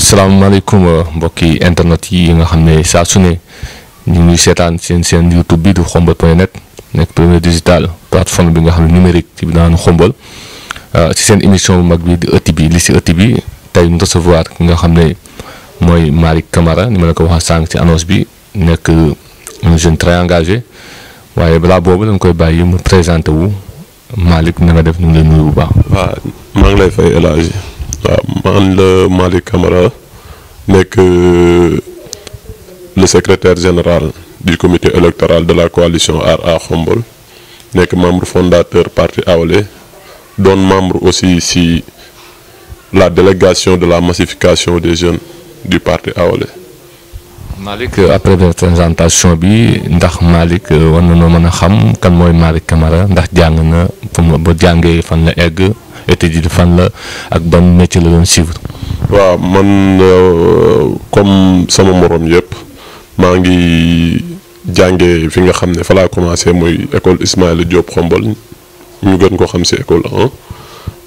salaamaaleykum euh, mbokki internet yi nga xam ne saa su ne ñu ngi seetaan seen seen YouTube bi du xombal point net nekk premier digital plateforme bi nga xam ne numérique ci bi naan xombal euh, ci seen émission bu mag bi di ëtt e bi li si ëtt e bi tey ñu recevoir nga xam ne mooy Malick Camara ni ma la ko waxee sànq ci annonce bi nekk un jeune très engagé waaye balaa boobu dañ koy bàyyi mu présenté wu Malick na nga def ñu ngi lay nuyu bu baax. waaw maa ngi lay fay El Malik bah, man le Malik Camara euh, le secrétaire général du comité électoral de la coalition Aar Aar Xombol membre fondateur parti Awalé donne membre aussi si la délégation de la massification des jeunes du parti Awalé. Malik, euh, après présentation bi ndax Malik, euh, wonno meuna xam kan moy Malik Camara ndax jàng na fu mu ba fan la egg. été dit fan la ak ban métier la doon suivre wa man euh, comme sama morom yëpp ma ngi jangé fi nga xamné fa la commencé moy école ismaël Diop xombol ñu gën ko xam ci école 1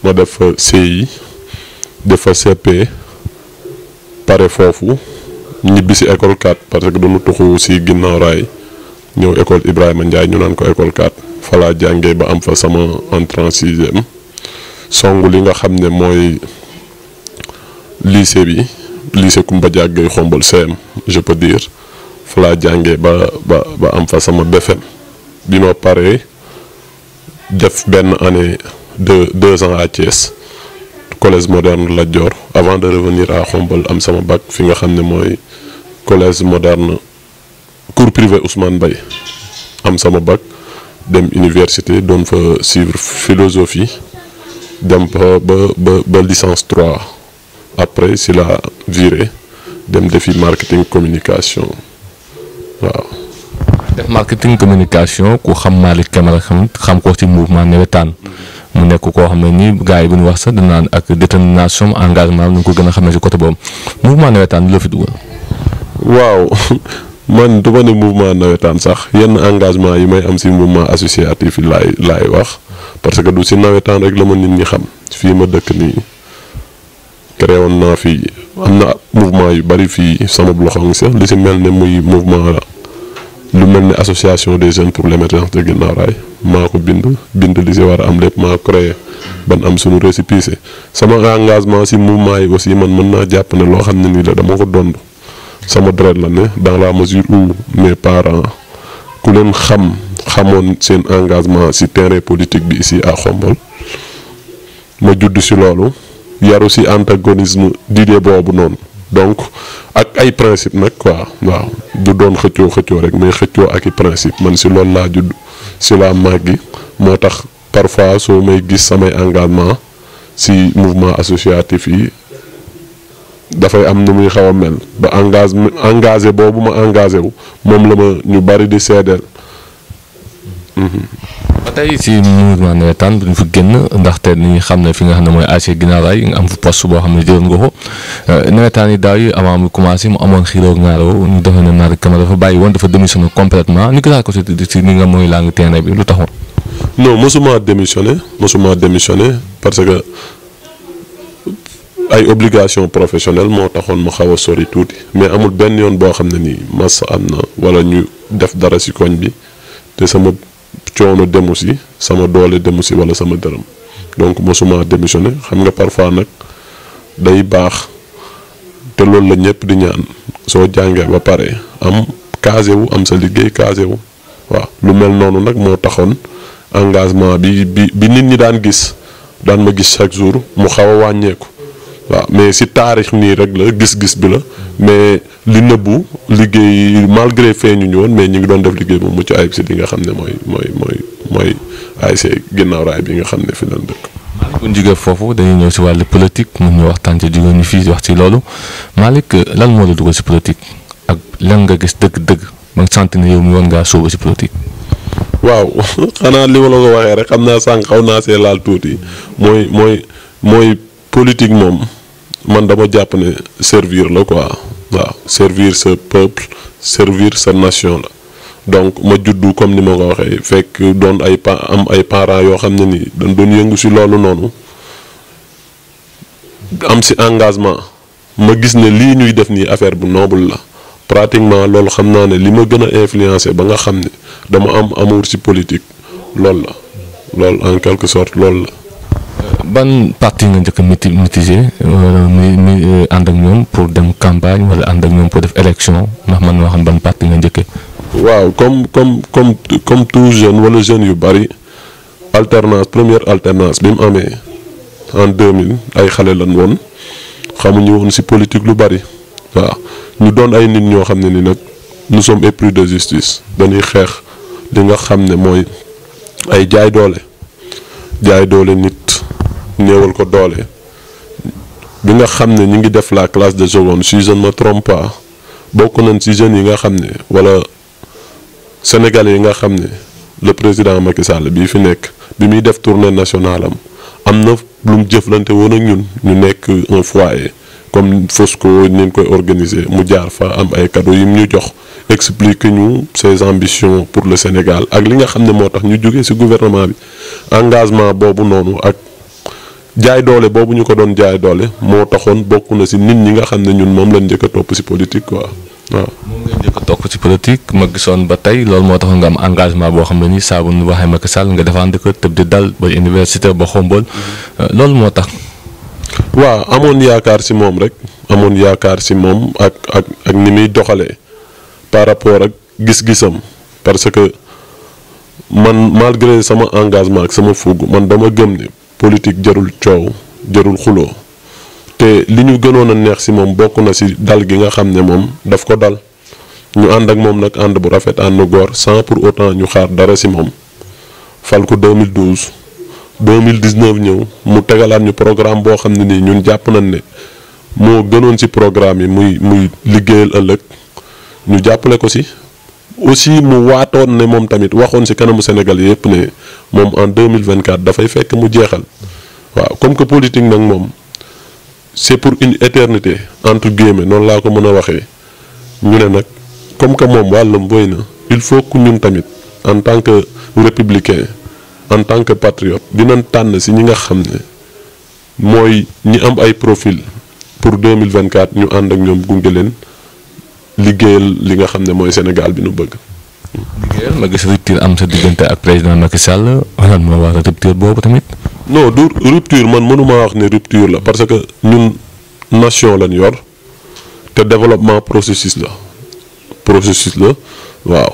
ma def CI def CP paré foofu ñibbi si école 4 parce que dañu tuxu ci ginnaw ray ñëw école Ibrahima Ndiaye ñu nan ko école 4 fa la jangé ba am fa sama entrant sixième songu li nga xamné moy lycée bi lycée Koumba Diack Gueye CM je peux dire fa jangé ba ba ba am fa sama BFEM bi paré def ben année de deux ans à Thiès collège moderne ladior Dior avant de revenir à xombol am sama bac fi nga xamné moy collège moderne cours privé Ousmane Bay am sama bac dem université don fa suivre philosophie dem ba ba ba licence 3 après si la virée dem defi marketing communication waaw. def marketing communication ku xam Malick Camara xam xam ko ci mouvement nawetaan mu nekk koo xam ne nii gars yi bu ñu wax sax dinaan ak détermination engagement ñu ko gën a xamee ci côté boobu mouvement nawetaan la fi dugal. waaw man du ma ne mouvement nawetaan sax yenn engagement yi may am si mouvement associatif yi laay laay wax. parce que du si nawetaan rek la ma nit ñi xam fii ma dëkk nii créé woon naa fi am na mouvement yu bari fii sama loxo ngi sax li si mel ni muy mouvement lu mel ni association des jeunes pour l'émergence de Guinaw maa ko bind bind li si war am lépp maa créé ban am suñu récépissé sama engagement si mouvement yi aussi man mën naa jàpp ne loo xam ne nii la dama ko dond sama deret la ne dans la mesure où mes parents ku leen xam. xamoon seen engagement ci terrain politique bi ici à Khombole ma judd ci loolu yaru ci antagonisme d'idée boobu noonu donc ak ay principe nag quoi waaw du doon xëccoo xëccoo rek mais xëccoo ak i principe man si loolu laa judd ci laa màggi moo tax parfois soo may gis samay engagement ci mouvement associatif yi dafay am nu muy xaw a mel ba engagé engagé boobu ma engagé wu moom la ma ñu bari di seedeel ba tey si mouvement nawetaan duñ fa génn ndaxte dañuy xam ne fi nga xam ne mooy ASC Guinaw Rail nga am fa poste boo xam ne jëloon nga ko euh, nawetaan yi daaw yi avant mu commencé mu amoon xiiroo ngaaroo ñu ne naar Camara dafa bàyyi woon dafa démissionné complètement ñu gisaat ko si si ni nga mooy langue terrain bi lu taxoon. non mosuma démissionné mosuma démissionné parce que ay obligation professionnelle moo taxoon ma xaw a sori tuuti mais amul benn yoon boo xam ne nii mas am na wala ñu def dara si koñ bi te sama. coono demu si sama doole demu si walla sama dërëm donc mosuma démissionné xam nga parfois nag day baax te loolu la ñëpp di ñaan soo jàngee ba pare am casé wu am sa liggéey casé wu waaw lu mel noonu nag moo taxoon engagement bi bi nit ñi daan gis daan ma gis chaque jour mu xaw a wàññeeku. waaw mais si taarix nii rek la gis-gis bi la mais li nëbbu liggéey malgré fee ñu woon mais ñu ngi doon def liggéey bu ci ayib si li nga xam ne mooy mooy mooy mooy ASC ginnaaw raay bi nga xam ne fi lañ dëkk. Malick bu ñu jógee foofu dañuy ñëw si wàllu politique mun ñu waxtaan ci jigéen ñi fii wax ci loolu Malick lan moo la dugal si politique ak lan nga gis dëkk dëgg ba nga sant ne yow mi woon ngaa sóobu si politique. waaw xanaa li ma la ko waxee rek xam naa sànq xaw naa see laal tuuti mooy mooy mooy. Politiquement, mom man dama japp servir la quoi servir ce peuple servir sa nation donc ma juddou comme ni ma ko fekk don ay pa am ay parents yo ni ci lolu nonu am engagement ma gis ne li ñuy def ni affaire bu noble la pratiquement lolu xamna li ma ba nga xam am amour politique en quelque sorte lolu euh, ban parti nga jëk a miti mitiser mi mi ak ñom pour dem campagne wala and ak ñom pour def élection ndax man ma ban parti nga njëkkee. waaw comme comme comme comme tout jeune wala jeune yu bari alternance première alternance bi mu amee en 2000 ay xale lan woon xamuñu woon ci politique lu bari waaw ñu doon ay nit ñoo xam ne ni nag nous sommes épris de justice dañuy xeex li nga xam ne mooy ay jaay doole jaay doole nit néewal ko doole bi nga xam ne ñu ngi def la classe de seconde si je ne me trompe pas bokk nañ si jeunes yi nga xam wala sénégalais yi nga le président Macky Sall bii fi nekk bi muy def tournée nationale am am na lu mu ak ñun ñu nekk un foyer comme Fosco ni ñu koy organiser mu jaar fa am ay cadeaux yi mu ñu jox expliquer ñu ses ambitions pour le Sénégal ak li nga xam ne moo tax ñu ci gouvernement bi engagement boobu noonu ak jaay doole boobu ñu ko doon jaay doole moo taxoon bokk na si nit ñi nga xam ne ñun moom lañ njëkk a topp si politique quoi waaw moom nga njëkk a topp si politique ma gisoon ba tey loolu moo taxoon nga am engagement boo xam ne ni saa bu ñu waxee Macky Sall nga défendre ko tëb di dal ba université ba xombol euh, loolu moo tax waaw amoon yaakaar si moom rek amoon yaakaar si moom ak ak ak ni muy doxalee par rapport ak gis-gisam parce que man malgré sama engagement ak sama fugu, man dama gëm ni politique jarul coow jarul xuloo te li ñu gënoon a neex ci moom bokk na ci dal gi nga xam ne moom daf ko dal ñu ànd ak moom nag ànd bu rafet ànd gor sans pour autant ñu xaar dara ci moom fal ko 2012 2019 ñëw mu tegalaat ñu programme boo xam ne nii ñun jàpp nañ ne moo gënoon ci programme yi muy muy liggéeyal ëllëg ñu jàppale ko ci aussi mu waton ne mom tamit waxone ci kanamu Sénégal yëpp ne mom en 2024 fay fekk mu jeexal wa comme que politique nak mom c'est pour une éternité entre guillemets non la ko mën waxé ñu né nak comme que mom walum boy na il faut que ñun tamit en tant que républicain en tant que patriote dinañ tan ci ñi nga xamné moy ñi am ay profil pour 2024 ñu and ak ñom gungelen liggéeyal li nga xam ne mooy Sénégal bi nu bëgg. liggéeyal ma gis rupture am sa diggante ak président Macky Sall lan moo waral rupture boobu tamit. non man mënuma wax ne rupture la parce que ñun nation lañ yor te développement procesus la processus la waaw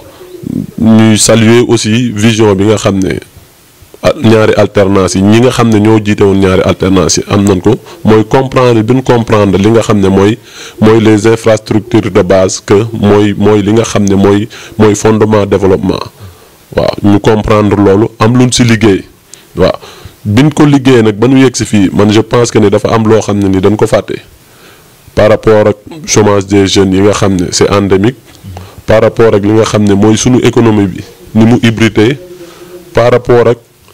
ñuy saluer aussi vision bi nga xam ne. ñaari alternance yi ñi nga xam ne ñoo jiite woon ñaari alternance yi am nañ ko mooy comprendre bi comprendre li nga xam ne mooy mooy les infrastructures de base que mooy mooy li nga xam ne mooy mooy fondement développement waaw ñu comprendre loolu am luñ ci liggéey waaw biñ ko liggéey nag ba ñu yegg si fii man je pense que ni dafa am loo xam ne ni dañ ko fàtte par rapport ak chômage des jeunes yi nga xam ne c'est endémique par rapport ak li nga xam ne mooy sunu économie bi ni mu hybride par rapport ak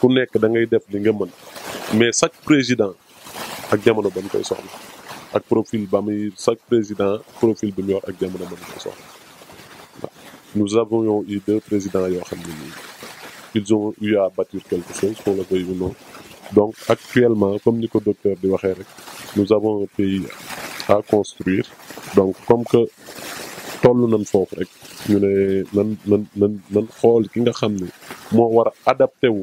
ku nekk da ngay def li nga mën mais chaque président ak jamono ba mu koy soxla ak profil ba muy chaque président profil bi mu yor ak jamono ba mu koy soxla nous avons eu deux présidents yoo xam ne nii ils ont eu à bâtir quelque chose pour le pays ou non donc actuellement comme ni ko docteur di waxee rek nous avons un pays à construire donc comme que toll nañ foofu rek ñu ne nan nan nan nan xool ki nga xam ne moo war a adapté wu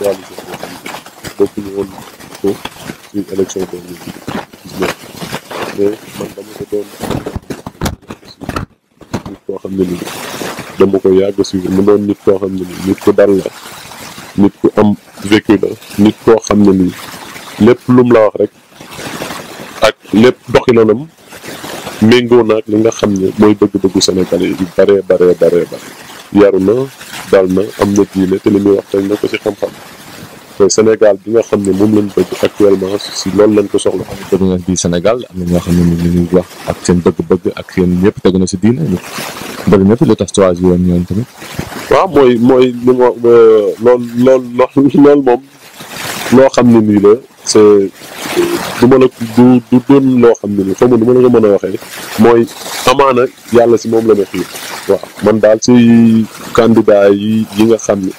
réalisation d'opinion ko ci élection 2019 mais man dama ko doon nit koo xam ne nii dama ko yàgg suivre mu doon nit koo xam ne nii nit ku dal la nit ku am vécu la nit koo xam ne nii lépp lum la wax rek ak lépp doxinanam méngoo naag li nga xam ne bëgg-bëggu sénégalais yu bare bare bare bare yaru dal na am na diine te li muy wax teg na ko ci xam-xam te Sénégal bi nga xam ne moom lañ bëgg actuellement si loolu lañ ko soxla. bëgg na di Sénégal am na ñoo xam ne ñu ngi wax ak seen bëgg-bëgg ak seen ñëpp tegu na si diine bëgg ñëpp lu tax choisir woon ñoom tamit. waaw mooy mooy euh, lool lool moom loo xam ne nii la. c'est du la du doon loo xam ne ni xaw ma nu ma la ko mën a waxee mooy amaana yàlla si moom la ma xiir waaw man daal si candidat yi yi nga xam ne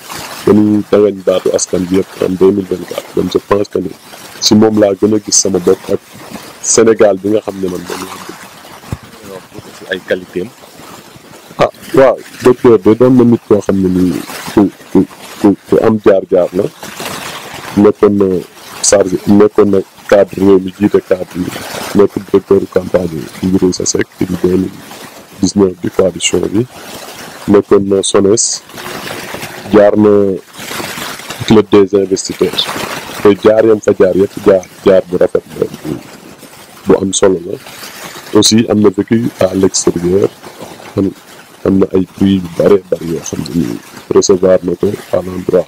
dañuy dangañ askan bi yëpp am 2024 donc je pense que ni si moom laa gën a gis sama bopp ak Sénégal bi nga xam ne man moom laa bëgg ay qualité am ah waaw koo xam ne nii ku ku ku am jaar-jaar la nekkoon na chargé nekkoon na cadre réew mi jiite cadre nekk directeur campagne bi Idrissa Seck di 2019 bi coalition bi nekkoon na SONES jaar na club de investisseurs te jaar yam fa jaar yëpp jaar bu rafet la bu am solo la aussi am na vécu à l'extérieur am na ay prix yu bare bari yoo xam ne nii recevoir na ko à l'endroit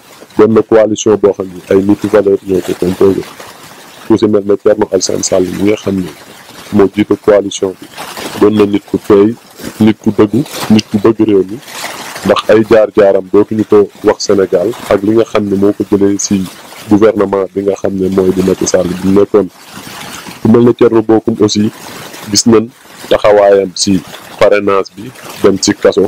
benn coalition boo xam ni ay nitu valeur ñoo ko composé ku si mel ne Thierno Alassane Sall mi nga xam ne moo jiite coalition bi doon na nit ku fey nit ku dëggu nit ku bëgg réew mi ndax ay jaar-jaaram dootuñu ko wax Sénégal ak li nga xam ne mooy ko jëlee si gouvernement bi nga xam ne mooy di Macky Sall bi nekkoon ku mel ne Thierno Bocoum aussi gis nañ taxawaayam si parrainage bi dem ci kaso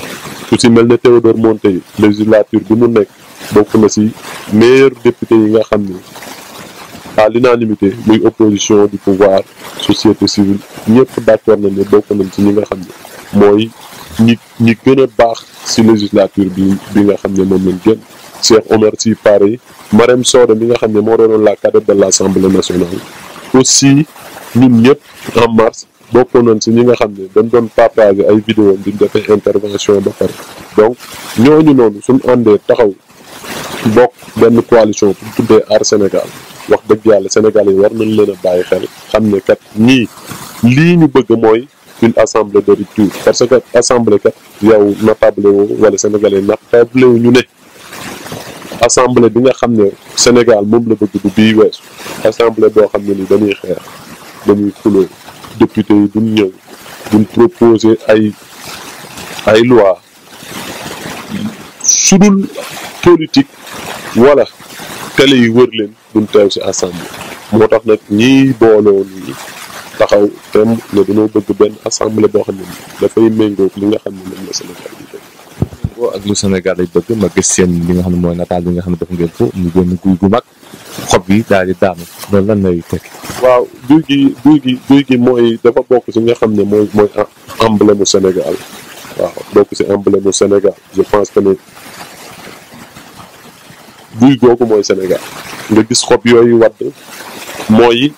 ku si mel ne Théodore Monteil législature bi mu nekk bokk na si meilleur député yi nga xam ni à l'unanimité muy opposition du pouvoir société civile ñëpp d'accord nañ ne bokk nañ ci ñi nga xam ne mooy ñi ñi gën a baax si législature bi bi nga xam ne moom lañ génn Cheikh Omar Sy Paré Marème Soda mi nga xam ne moo doonoon la cadette de l'Assemblée nationale aussi ñun ñëpp en mars bokkoon ci ñi nga xam ne dañ doon partager ay vidéo di defee intervention ba pare donc ñooñu noonu suñ àndee taxaw bokk benn coalition pour tuddee ar Sénégal wax dëgg yàlla Sénégal yi war nañ leen a bàyyi xel xam ne kat ñii lii ñu bëgg mooy une assemblée de rupture parce que assemblée kat yow natable wu wala sénégalais natable wu ñu ne assemblée bi nga xam ne Sénégal moom la bëgg du bii weesu assemblée boo xam ne ni dañuy xeex dañuy xuloo député yi duñ ñëw duñ proposer ay ay loi sudul politique wala télé yi wër leen duñ teew ci assemblée moo tax nag ñi booloo nii taxaw tem ne dañoo bëgg benn assemblée boo xam ne dafay méngóog li nga xam ne moom la Sénégal di ko ak lu Sénégal ay bëgg ma gis seen li nga xam ne mooy nataal bi nga xam ne def ngeen ko mu génn guy gu mooy dafa bokk ci nga xam ne mooy mooy emblème mu waaw bokk ci emblème mu Sénégal je gis xob yooyu wadd mooy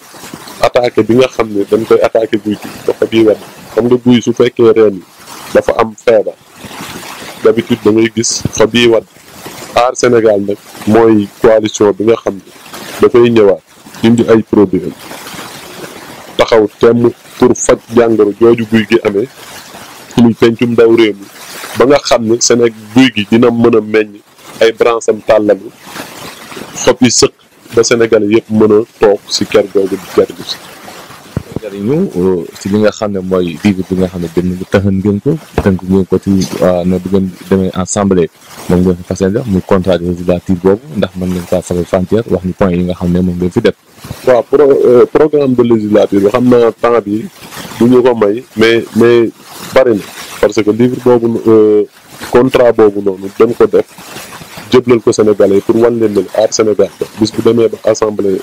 bi nga xam ne dañ koy attaqué guy gi ba wadd xam nga guy su fekkee reen dafa am feebar. d'habitude da gis fa bi wat ar sénégal nak moy coalition bi nga xamni da fay ñëwaat indi ay problème taxaw tém pour fa jangoro jooju guy gi amé ñu pencum ndaw réew mi ba nga xamni ne sénég gi dina mëna meñ ay branche am tàllalu xob yi ba sénégalais yépp mëna tok ci si ker googu di ker jariñu si euh, li nga xam ne mooy livre bi nga xam ne bind tënk ngeen ko tënk ngeen ko ci euh, ne bu demee assemblée moom ngeen fa fas def muy contrat de législative boobu ndax mën ngeen kaa fare frontière wax ñu point yi nga xam ne moom ngeen fi def waaw pro euh, programme de législature bi xam na temps bi du ñu ko may mais mais bari parce que livre boobu contrat boobu noonu dañ ko def jëblal ko pour wan leen ne aar bu demee ba assemblée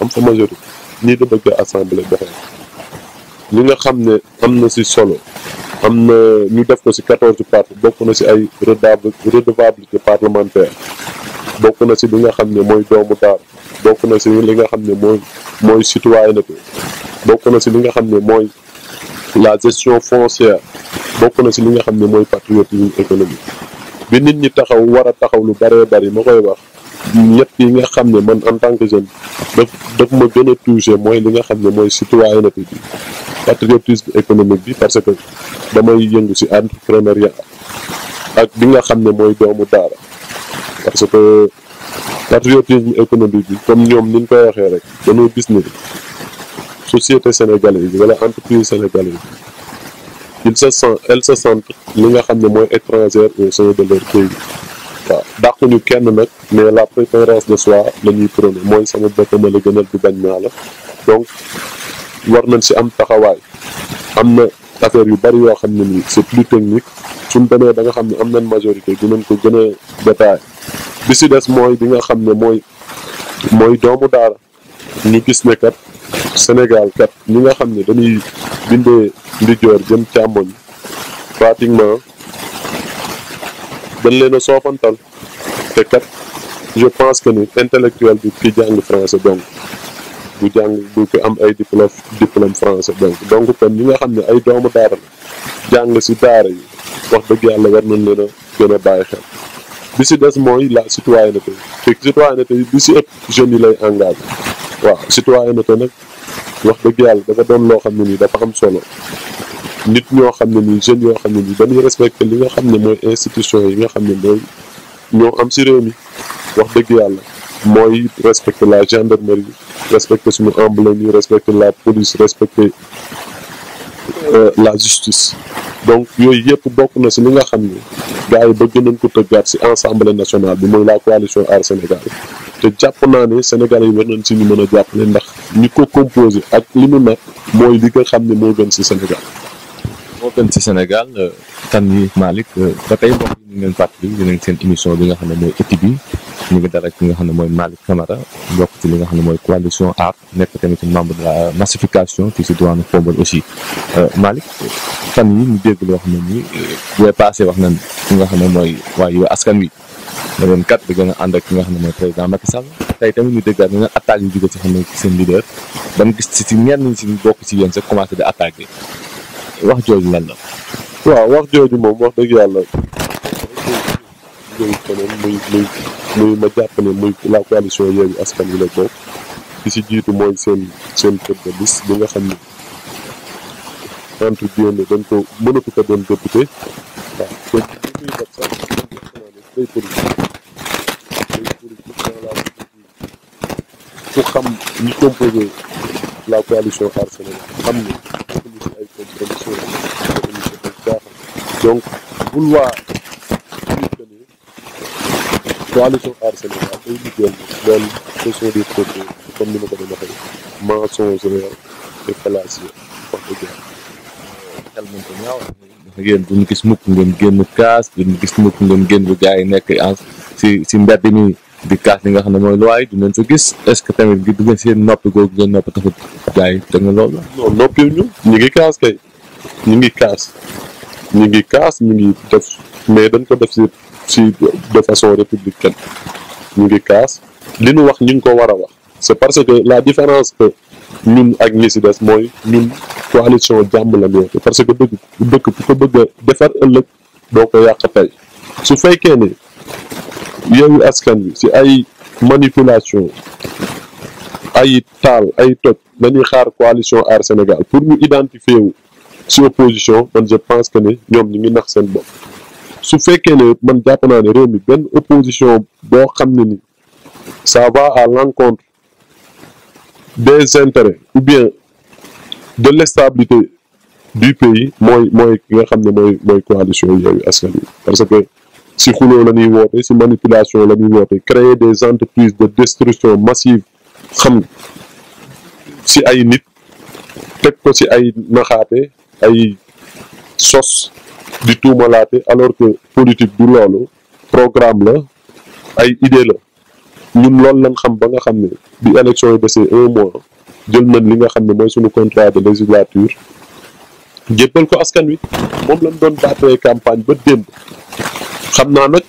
am fa majorité nii la bëgg assemblée doxee li nga xam ne am na ci solo am na ñu def ko si quatorze parti bokk na si ay redevabilité parlementaire bokk na si li nga xam ne mooy doomu daar bokk na si li nga xam ne mooy mooy citoyenneté bokk na si li nga xam ne mooy la gestion foncière bokk na si li nga xam ne mooy patriotisme économique bi nit ñi taxaw war a taxaw lu bëree bëri ma koy wax ñett yi nga xam ne man en tant que jeune daf daf ma gën a touché mooy li nga xam ne mooy citoyenneté bi patriotisme économique bi parce que damay yëngu ci entrepreneuriat ak bi nga xam ne mooy doomu daara parce que patriotisme économique bi comme ñoom ni ñu koy waxee rek dañoo gis ne société sénégalaise yi wala entreprise sénégalaise il sa sent elle se sent li nga xam ne mooy étrangère au sein de leur pays waaw dàqulu kenn nag mais la préférence de soi la ñuy prôné sama boppam la gënal bi bañ naa la donc war nañ si am taxawaay am na affaire yu bari yoo xam ne nii c' est plus technique suñ demee ba nga xam ne am nañ majorité dinañ ko gën a détaillé bi si des mooy bi nga xam ne mooy mooy doomu daara ñu gis ne kat sénégal kat ñi nga xam dañuy bindee ndijoor jëm càmmoñ pratiquement dañ leen a soofantal te kat je pense que ni intellectuel bi ki jàng français donc bu jàng bu fi am ay diplôme diplôme français donc donc kon ñi nga xam ne ay doomu daara la jàng si daara yi wax dëgg yàlla war nañ leen a gën a bàyyi xel bi si des mooy la citoyenneté te citoyenneté bi si ëpp jeunes yi lay engagé waaw citoyenneté nag wax dëgg yàlla dafa doon loo xam ne nii dafa am solo nit ñoo xam ne nii jeunes yoo xam ne nii dañuy respecté li nga xam ne mooy institution yi nga xam ne mooy ñoo am si réew mi wax dëgg yàlla mooy respecté la gendarmerie respecté suñu emblème yi respecté la police respecté euh, la justice donc yooyu yëpp bokk na si li nga xam ne gars yi bëgg nañ ko tëggaat si assemblée nationale bi mooy la coalition Aar Sénégal te jàpp naa ne Sénégal yi war nañ si ñu mën a leen ndax ñi ko composé ak li mu nag mooy li nga xam ne moo gën si Sénégal dem ci Sénégal euh, Tani Malik, Malick euh, ba tey mbokk ñu ngeen fàttali dinañ seen émission bi nga xam ne mooy e ñu ngi dara ki nga xam ne mooy Camara bokk ci li nga coalition art nekk tamit membre de la massification fii si diwaanu aussi euh, Malick fan ñu dégg loo xam passé wax nañ nga askan wi da kat dengan anda a ak nga xam ne président Macky Sall tey tamit ñu déggaat leader dan gis ci ñenn ñi si bokk ci yéen sax commencé wax jooju la. waaw wax moom wax dëgg yàlla muy muy muy ma jàpp ne muy la coalition Yewwi Askan Wi la bokk ki ci jiitu mooy seen seen tête de liste bi nga xam ne entre guillemets dañ ko mënatu ko doon député ku xam ñu composé la coalition Aar Sénégal xam démission donc bul waa coalition aar Sénégal ay liggéeyal loolu ce sont des propos comme ni ma ko doon waxee mensonge réel et ñu ngi kaas ñu ngi kaas ñu ngi def mais dañ ko def si si de façon républicaine ñu ngi kaas li ñu wax ñu ngi ko war a wax c'est parce que la différence que ñun ak ñi si des mooy ñun coalition jàmm la ñu wax parce que dëgg dëkk ku ko bëgg a defar ëllëg doo ko yàq tey su fekkee ne yow askan bi si ay manipulation ay taal ay toj nañuy xaar coalition Aar Sénégal pour ñu identifier wu si opposition man je pense que ne ñom ñu ngi nax seen bopp su fekkee ne man japp na ne réew mi benn opposition bo xam ni ça va à l'encontre des intérêts ou bien de l'instabilité du pays moy moy ki nga xam moy moy coalition yoyu Askan parce que si xuloo la ñuy woote si manipulation la ñuy woote créer des entreprises de destruction massive xam si ay nit tek ko si ay naxaate ay sos di tuumalaate alors que politique du loolu programme la ay idée la ñun loolu lañ xam ba nga xam ne bi élection yi desee un mois jël nañ li nga xam ne mooy suñu contrat de législature jéppal ko askan wi moom lañ doon baatee campagne ba démb xam naa nag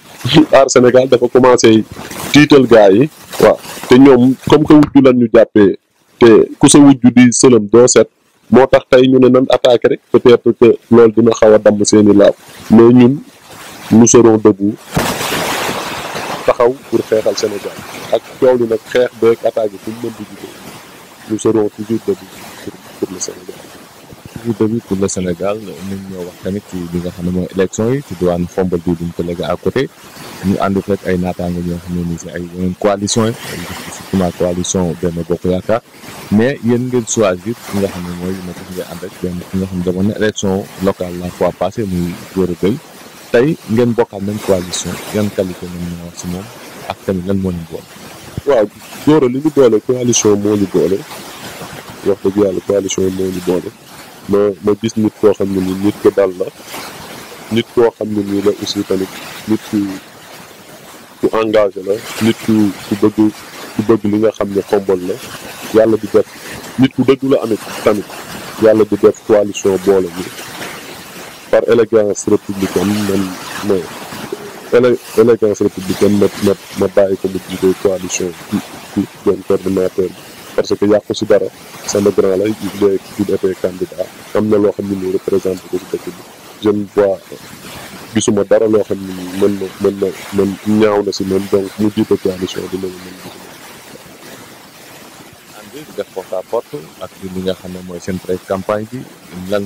aar Sénégal dafa commencé tiital gars yi waaw te ñoom comme que wujju lañ ñu jàppee te ku sa wujju di sëlëm doo set motax tay ñu ne nan attaqué rek peut être que lool dina xawa dam seeni seen mais ñun ñu serons debout taxaw pour xéxal Sénégal ak coow li nag xeex beeg attaque bi fu mu mën di jugee nous serons toujours debout pour pour le Sénégal. vidéo bi pour le Sénégal ñu ñoo wax tamit ci li nga xam ne mooy élection yi ci diwaan xombal bi buñ ko léegi à côté ñu ànd rek ay naataango ñoo xam ne nii yaakaar mais yéen ngeen choisir ki nga xam ne mooy moo tax ngeen ànd rek benn nga xam ne demoon na élection locale la fois passée muy Gora Gueye tey ngeen bokkaat même coalition yan qualité ngeen mën a wax si moom ak tamit lan moo leen boole. waaw Gora li ñu boole coalition moo ñu boole wax dëgg yàlla coalition moo ma ma gis nit koo xam ne nii nit ku dal la nit koo xam ne nii la aussi tamit nit ku ku engagé la nit ku ku bëgg ku bëgg li nga xam ne xombol la yàlla di def nit ku dëgg la amit tamit yàlla di def coalition boole bi par élégance républicaine man ma élégance républicaine ma ma bàyyi ko mu jiite coalition ci ci seen coordinateur bi parce que yàqu si dara sama grand la de il est candidat am na loo xam ne nii représenté ko si dëkk bi je ne vois gisuma dara loo xam ne nii mën na mën na mën ñaaw na si man donc mu jiite coalition bi loolu mën na si def porte à porte ak li nga xam ne mooy seen pré campagne bi lan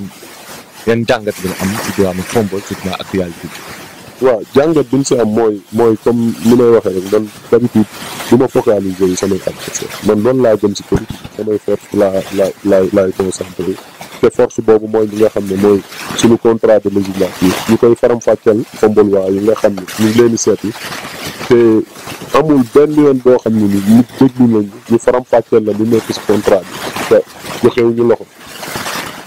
yan jàngat bi la am ci diwaanu Fombo surtout actualité bi waaw jàngat bi ñu si am mooy mooy comme ni may waxee rek man d'habitude du ma focaliser yu samay adversaire man loolu laa jëm si politique samay force laa la laay laay te force boobu mooy li nga xam ne mooy suñu contrat de législature ñu koy faram-fàcceel Fombalwa yi nga xam ne ñu ngi leen di seeti te amul benn yoon boo xam ne ni nit déglu nañ ñu faram-fàcceel la lu nekk si contrat bi te joxewuñu loxo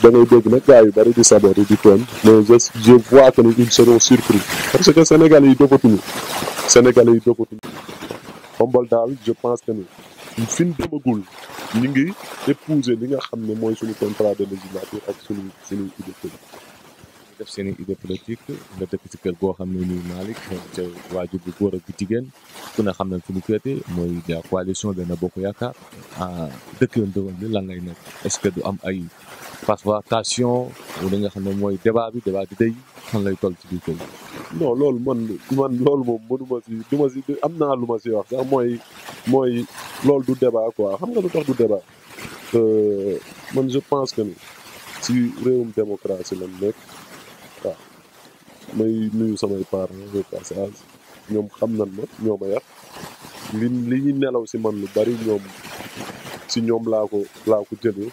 dangay dégg nag yu de di saboté de mais je je vois que nous ils surpris parce que Sénégal yi dogatuñu sénégalais yi dogatuñu daal je pense que ni fin demagul épouser li nga xam ne mooy contrat de législature ak suñu idée politique def seen idée politique nga dëkk ci kër goo xam ne bu góor ak bu la coalition de Bokk Yaakaar ah lan ngay nekk est-ce que du am ay parce que ou li nga xam moy débat bi débat bi day xam lay toll ci biir non lool man man lool mom mënuma si du ma si am naa lu ma ci wax sax moy moy lool du débat quoi xam nga lu tax du débat euh man je pense que ni si réewum démocratie lañ nekk waaw may nuyu samay parents au passage ñoom xam nañ ma ñoo ma yar li li ñu nelaw si man lu bari ñom ci ñom la ko la ko jëlee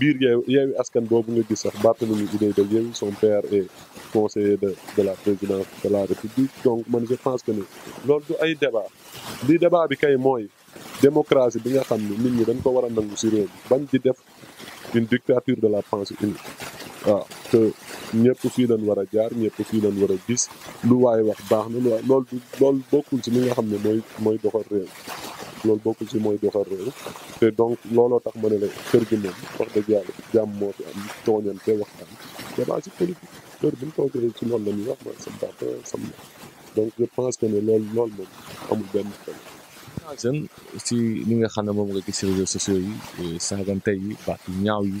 biir yeew yeewi askan boobu nga gis sax Barthélémy idée de Yewwi son père est conseiller de de la présidence de la république donc man je pense que ne loolu du ay débat li débat bi kay mooy démocratie bi nga xam ne nit ñi dañ ko war a nangu si réew bañ di def une dictature de la pensée unique waaw te ñëpp fii lañ war a jaar ñëpp fii lañ war a gis lu waaye wax baax na lu waay lool du loolu bokkul si li nga xam ne mooy mooy doxal réew loolu bokk ci mooy doxal réew te donc looloo tax ma ne la kër gi moom wax dëgg yàlla jàmm moo fi am tooñante waxtaan débat ci politique kër bu ñu toogee ci loolu la ñuy wax man sama papa sama donc je pense que ne lool loolu moom amul benn xel seen si li nga xam ne moom nga gis réseaux sociaux yi saagante yi baat yu ñaaw yi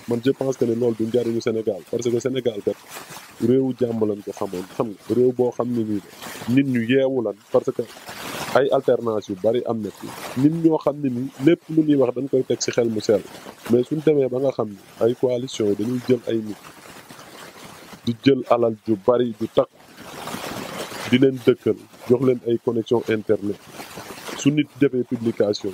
man je pense que ne loolu du njariñu Sénégal parce que Sénégal kat réewu jàmm lañ ko xamoon xam nga réew boo xam ne nii nit ñu yeewu lan parce que ay alternance yu bari am na nit ñoo xam ne nii lépp lu ñuy wax dañ koy teg ci xel mu sell mais suñ demee ba nga xam ni ay coalition dañuy jël ay nit di jël alal ju bari ju takk di leen dëkkal jox leen ay connection internet su nit defee publication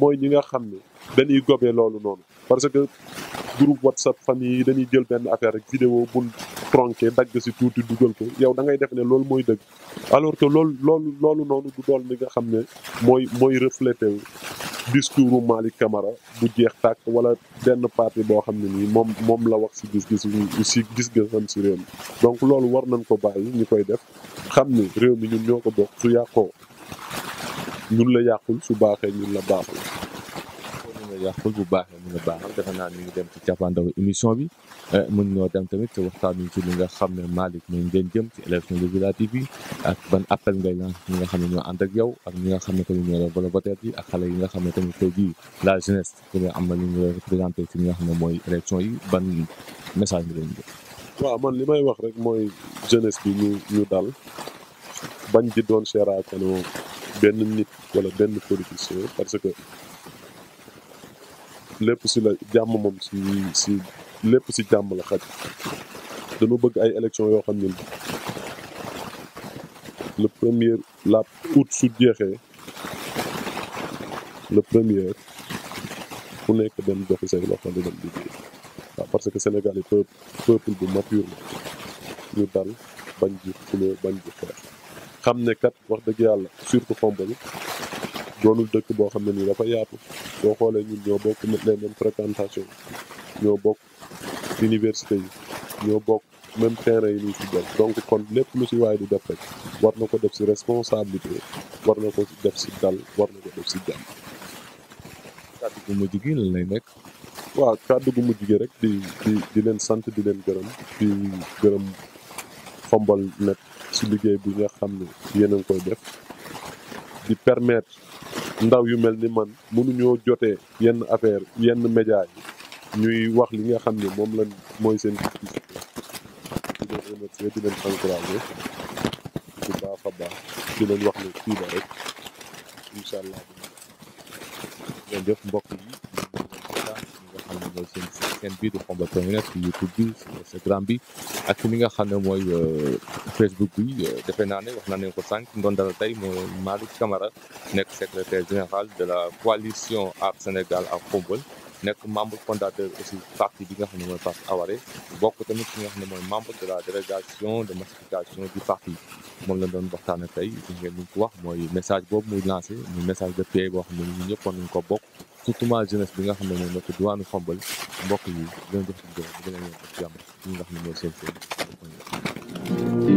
mooy ñi nga xam ne dañuy gobee loolu noonu parce que groupe whatsapp famille dañuy jël benn affaire rek vidéo bun tronqué dagg si tuuti dugal ko yow da ngay def ne loolu mooy dëgg alors que loolu loolu loolu noonu du dool li nga xam ne mooy mooy reflété discours Malik Camara bu jeex tak wala benn parti bo xamne ni mom mom la wax ci gis gis ci gis gësam ci réew donc loolu war nañ ko bayyi ñi koy def xamni réew mi ñun ñoko bok su yaqo ñun la yàqul su baaxee ñun la baaxul ñun la yàqul bu baaxee mun a baaxal defe naa ñu ngi dem ci cappaandawu émission bi eh, mun noo dem tamit te waxtaan ci li nga xam ne Malick mooy ngeen jëm ci élection législative yi ak ban appel ngay lan ñi nga xam ne ñoo ànd ak yow ak ñi nga xam ne tamit ñoo doon volontaire yi ak xale yi nga xam ne tamit tey jii la jeunesse pour am na lu ñu représenté ci li nga xam ne mooy élection yi ban message nga leen jëm waaw man li may wax rek mooy jeunesse bi ñu ñu dal bañ di doon seeraakano benn nit wala benn politicien parce que lépp si la jàmm moom si si lépp si jàmm la xaj dañu bëgg ay élection yoo xam ne le premier la août su jeexee le premier ku nekk dem joxi say loxo di dem liggéey waaw parce que Sénégal yi peuple bu mature la ñu dal bañ ji xuloo bañ ji xeex xam ne kat wax dëgg yàlla surtout Khombole doonul dëkk boo xam ne nii dafa yaatu boo xoolee ñun ñoo bokk les mêmes fréquentation ñoo bokk université yi ñoo bokk même terrain yi ñuy football donc kon lépp lu ci waay di def rek war na ko def si responsabilité war na ko def si dal war na ko def ci jàmm. kàddu gu mujj gi lan lay nekk. waaw kàddu gu mujj gi rek di di di leen sant di leen gërëm di net. si liggéey bi nga xam ne yeneen koy def di permettre ndaw yu mel ni man mënuñoo jotee yenn affaire yenn média yi ñuy wax li nga xam ne moom lañ mooy seen gis-gis di leen remercier di leen encourager baax a baax di leen wax ne fii rek incha allah def mbokk yi Je bi le premier YouTube sur Instagram bi ak mi ne Facebook bi depuis naa ne wax naa ko sànq ndoon tey secrétaire général de la coalition Arts Sénégal ak nekk membre fondateur aussi parti bi nga xam ne mooy parti Aware bokk tamit ki nga xam ne mooy membre de la délégation de massification du parti moom la doon waxtaan ak tey li ngeen ko wax mooy message boobu muy lancé muy message de paix boo xam ne ñun ñëpp war nañu ko bokk surtout jeunesse bi nga xam ne mooy nekk diwaanu Xombol mbokk yi dina jox ci gërëm dina leen jox jàmm li nga xam ne mooy seen seen.